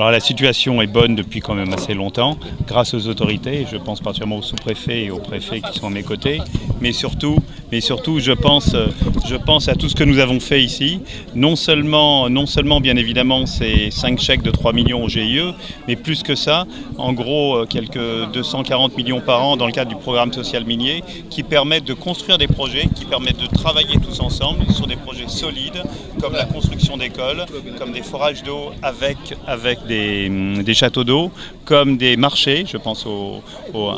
Alors la situation est bonne depuis quand même assez longtemps, grâce aux autorités, je pense particulièrement au sous-préfet et au préfet qui sont à mes côtés, mais surtout mais surtout je pense, euh, je pense à tout ce que nous avons fait ici. Non seulement, bien évidemment ces 5 chèques de 3 millions au GIE, mais plus que ça, en gros euh, quelques 240 millions par an dans le cadre du programme social minier qui permettent de construire des projets, qui permettent de travailler tous ensemble sur des projets solides comme la construction d'écoles, comme des forages d'eau avec, des, châteaux d'eau, comme des marchés, je pense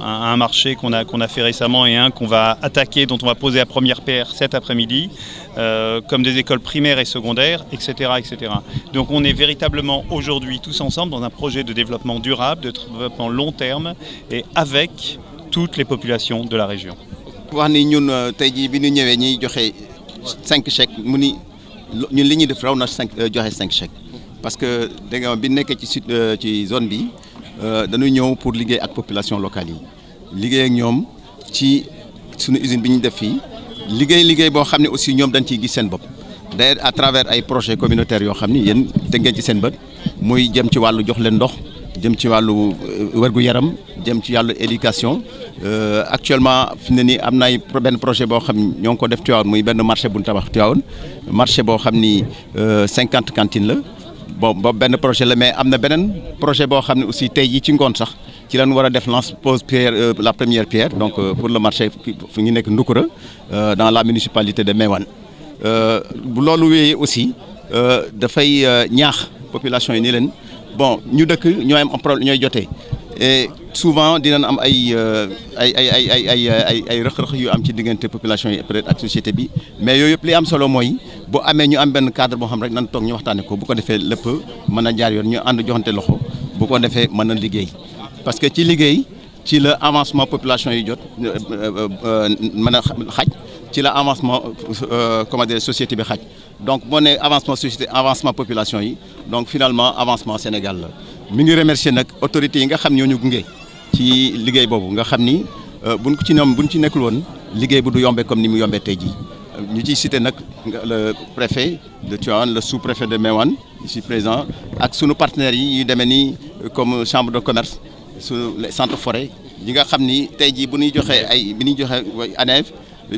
à un marché qu'on la première paire cet après-midi, euh, comme des écoles primaires et secondaires, etc. Donc on est véritablement aujourd'hui tous ensemble dans un projet de développement durable, de développement long terme et avec toutes les populations de la région. wax ni ñun euh, tey jii bi ñu ñëwee ñuy joxe cinq chèques mu ni ñun li ñuy def raw na cinq euh, joxe cinq chèques parce que da nga bi nekkee ci sud euh, ci zone bi dañu ñëw pour liggéey ak population locale yi liggéey ak ñoom ci liggéey liggéey boo xam ne aussi ñoom dañ ciy gis seen bopp d'ailleurs à travers ay projet communautaires yoo xam ni yéen te ngeen ci seen bët muy jëm ci wàllu jox leen ndox jëm ci wàllu euh, wergu yaram jëm ci wàllu éducation euh, actuellement fi ne nii am na ay benn projet boo xam ñoo ngi ko def Tivaouane muy benn marché bu ñu tabax Tivaouane marché boo xam ni euh, cinquante cantines la bon boo benn projet la mais am na beneen projet boo xam ne aussi tey jii ci ngoon sax. ci lañ war a def lance pose pierre euh, la première pierre donc euh, pour le marché fu ngi nekk Ndoukoura euh, dans la municipalité de Mewane bu loolu wéyee aussi dafay ñaax population yi nii leen bon ñu dëkk ñooy am problème ñooy jotee e souvent dinañ am ay ay ay ay ay ay ay ay rëq-rëq yu am ci diggante population yi peut-être ak société bi mais yooyu yëpp li am solo mooy bu amee ñu am benn cadre boo xam rek nan toog ñu waxtaanee ko bu ko defee lépp mën a jaar yoon ñu ànd joxante loxo bu ko defee mën a liggéey. parce que ci liggéey ci la avancement population yi jot euh, euh, mën a xaj ci la avancement euh, comment dire société bi xaj donc moo ne avancement société avancement population yi donc finalement avancement Sénégal la mi ngi remercier nag autorité yi nga xam ñoo ñu gunge ci liggéey boobu nga xam ni buñ ci ñoom buñ ci nekkul woon liggéey bu du yombee comme ni mu yombee tey jii ñu ci cité nag le préfet de Tivaouane le sous-préfet de mais Méouane ici présent ak sunu partenaires yi yu demee ni comme chambre de commerce suñu centre forêt ñi nga xam ni tey jii bu ñuy joxee ay bi ñuy joxe ANEF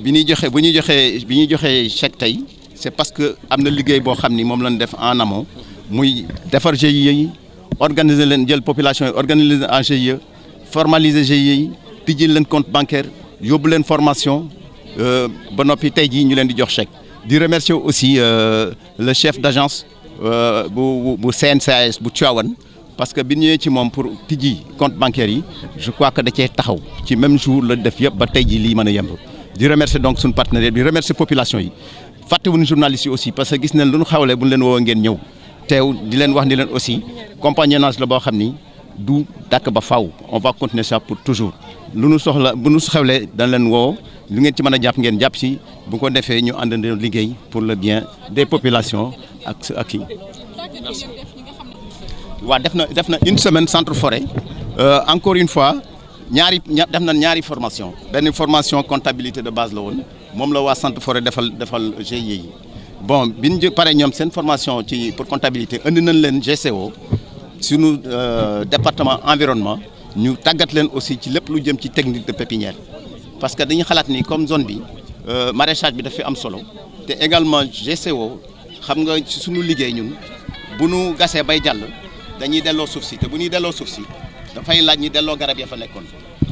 bi ñuy joxe bu ñuy joxee bi ñuy joxee chèque tey c'est parce que am na liggéey boo xam ni moom la lañ def en amont muy defar GIE organiser leen jël population yi organiser en GIE formaliser GIE yi tijji leen compte bancaire yóbbu leen formation euh, ba noppi tey jii ñu leen di jox check di remercier aussi euh, le chef d'agence euh, bu bu CNCAS bu Tivaouane parce que bi ñëwee ci moom pour tijji compte bancaire yi je crois que da cee taxaw ci même jour la def yëpp ba tey jii lii mën a yemb di remercier donc suñu partenaire di remercier population yi fàttewuñu journalistes yi aussi parce que gis nañ lu ñu xawlee bu ñu leen woowee ngeen ñëw teew di leen wax ni leen aussi compagnonnage la boo xam ni du dàkk ba faw on va continuer pour toujours lu nu soxla bu nu xewlee dañ leen woo lu ngeen ci mën a jàpp ngeen jàpp si bu ko defee ñu àndandoo liggéey pour le bien des populations ak ak kii. waa def na def na une semaine centre forêt euh, encore une fois ñaari def na ñaari formation benn formation comptabilité de base la woon moom la waa centre forêt defal defal GIE yi bon bi ñu pare ñoom seen formation ci pour comptabilité indi nañ leen GCO suñu euh, département environnement ñu tàggat leen aussi ci lépp lu jëm ci technique de pépinière parce que dañu xalaat ni comme zone bi euh, maraîchage bi daf am solo te également GCO xam nga ci suñu liggéey ñun bu nu gasee bay jàll dañuy delloo suuf si te bu ñuy delloo suuf si dafay laaj ñi delloo garab ya fa nekkoon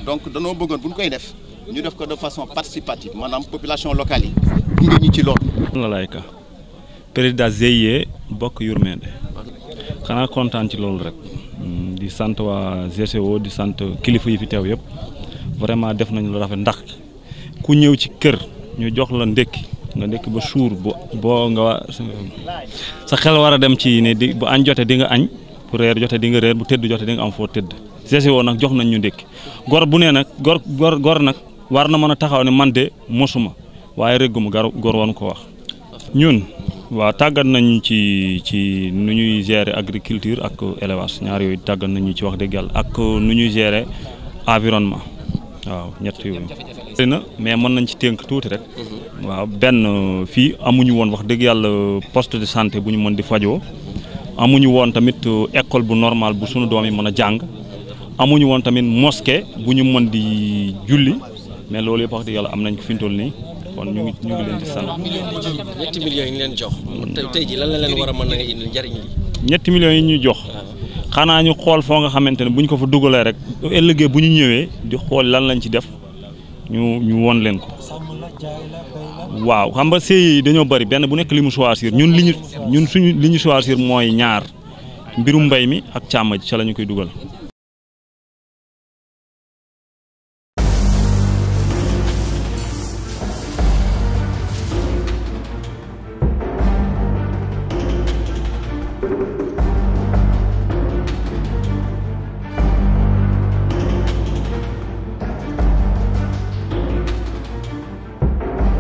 donc danoo bëggoon bu ñu koy def ñu def ko de façon participative maanaam population locale yi gunge ñu ci loolu. Malaayka président GIE e, bokk Yurmende xanaa kontaan ci loolu rek hmm, di sant waa GCO di sant kilifa yi fi teew yëpp vraiment def nañu lu rafet ndax ku ñëw ci kër ñu jox la ndékki nga ndékki ba suur boo nga sa xel war dem ci ne di bu añ jotee di nga añ. bu reer jotee di nga reer bu tëdd jotee di nga am foo tëdd GCO nag jox nañ ñu ndékki gor bu nee nag gor gor gor nag war na mën a taxaw ne man de mosuma waaye régguma gar gor woon ko wax ñun waaw tàggat nañ ci ci nu ñuy gérer agriculture ak élevage ñaar yooyu tàggat nañu ci wax dëgg yàlla ak nu ñuy gérer environnement waaw ñett yooyu mais mën nañ ci tënk tuuti rek mhm. waa benn fii amuñu woon wax dëgg yàlla poste de santé bu ñu mën di fajoo amuñu woon tamit euh, école bu normal bu sunu doom yi mën a jàng amuñu woon tamit mosquée bu ñu mën di julli mais loolu yëpp wax yàlla am nañ ko fi ñu nii kon ñu ngi ñu ngi leen di sant. ñetti millions yi ñu jox. la leen war a mën a yi ñuy jox. xanaa ñu xool foo nga xamante ne bu ñu ko fa dugalee rek. ëllëgee bu ñu ñëwee di xool lan lañ ci def. ñu won leen ko waaw xam nga sëy yi dañoo bari benn bu nekk limu mu ñun li ñu ñun suñu li ñu choisir mooy ñaar mbiru mbay mi ak càmm ji ca la koy dugal.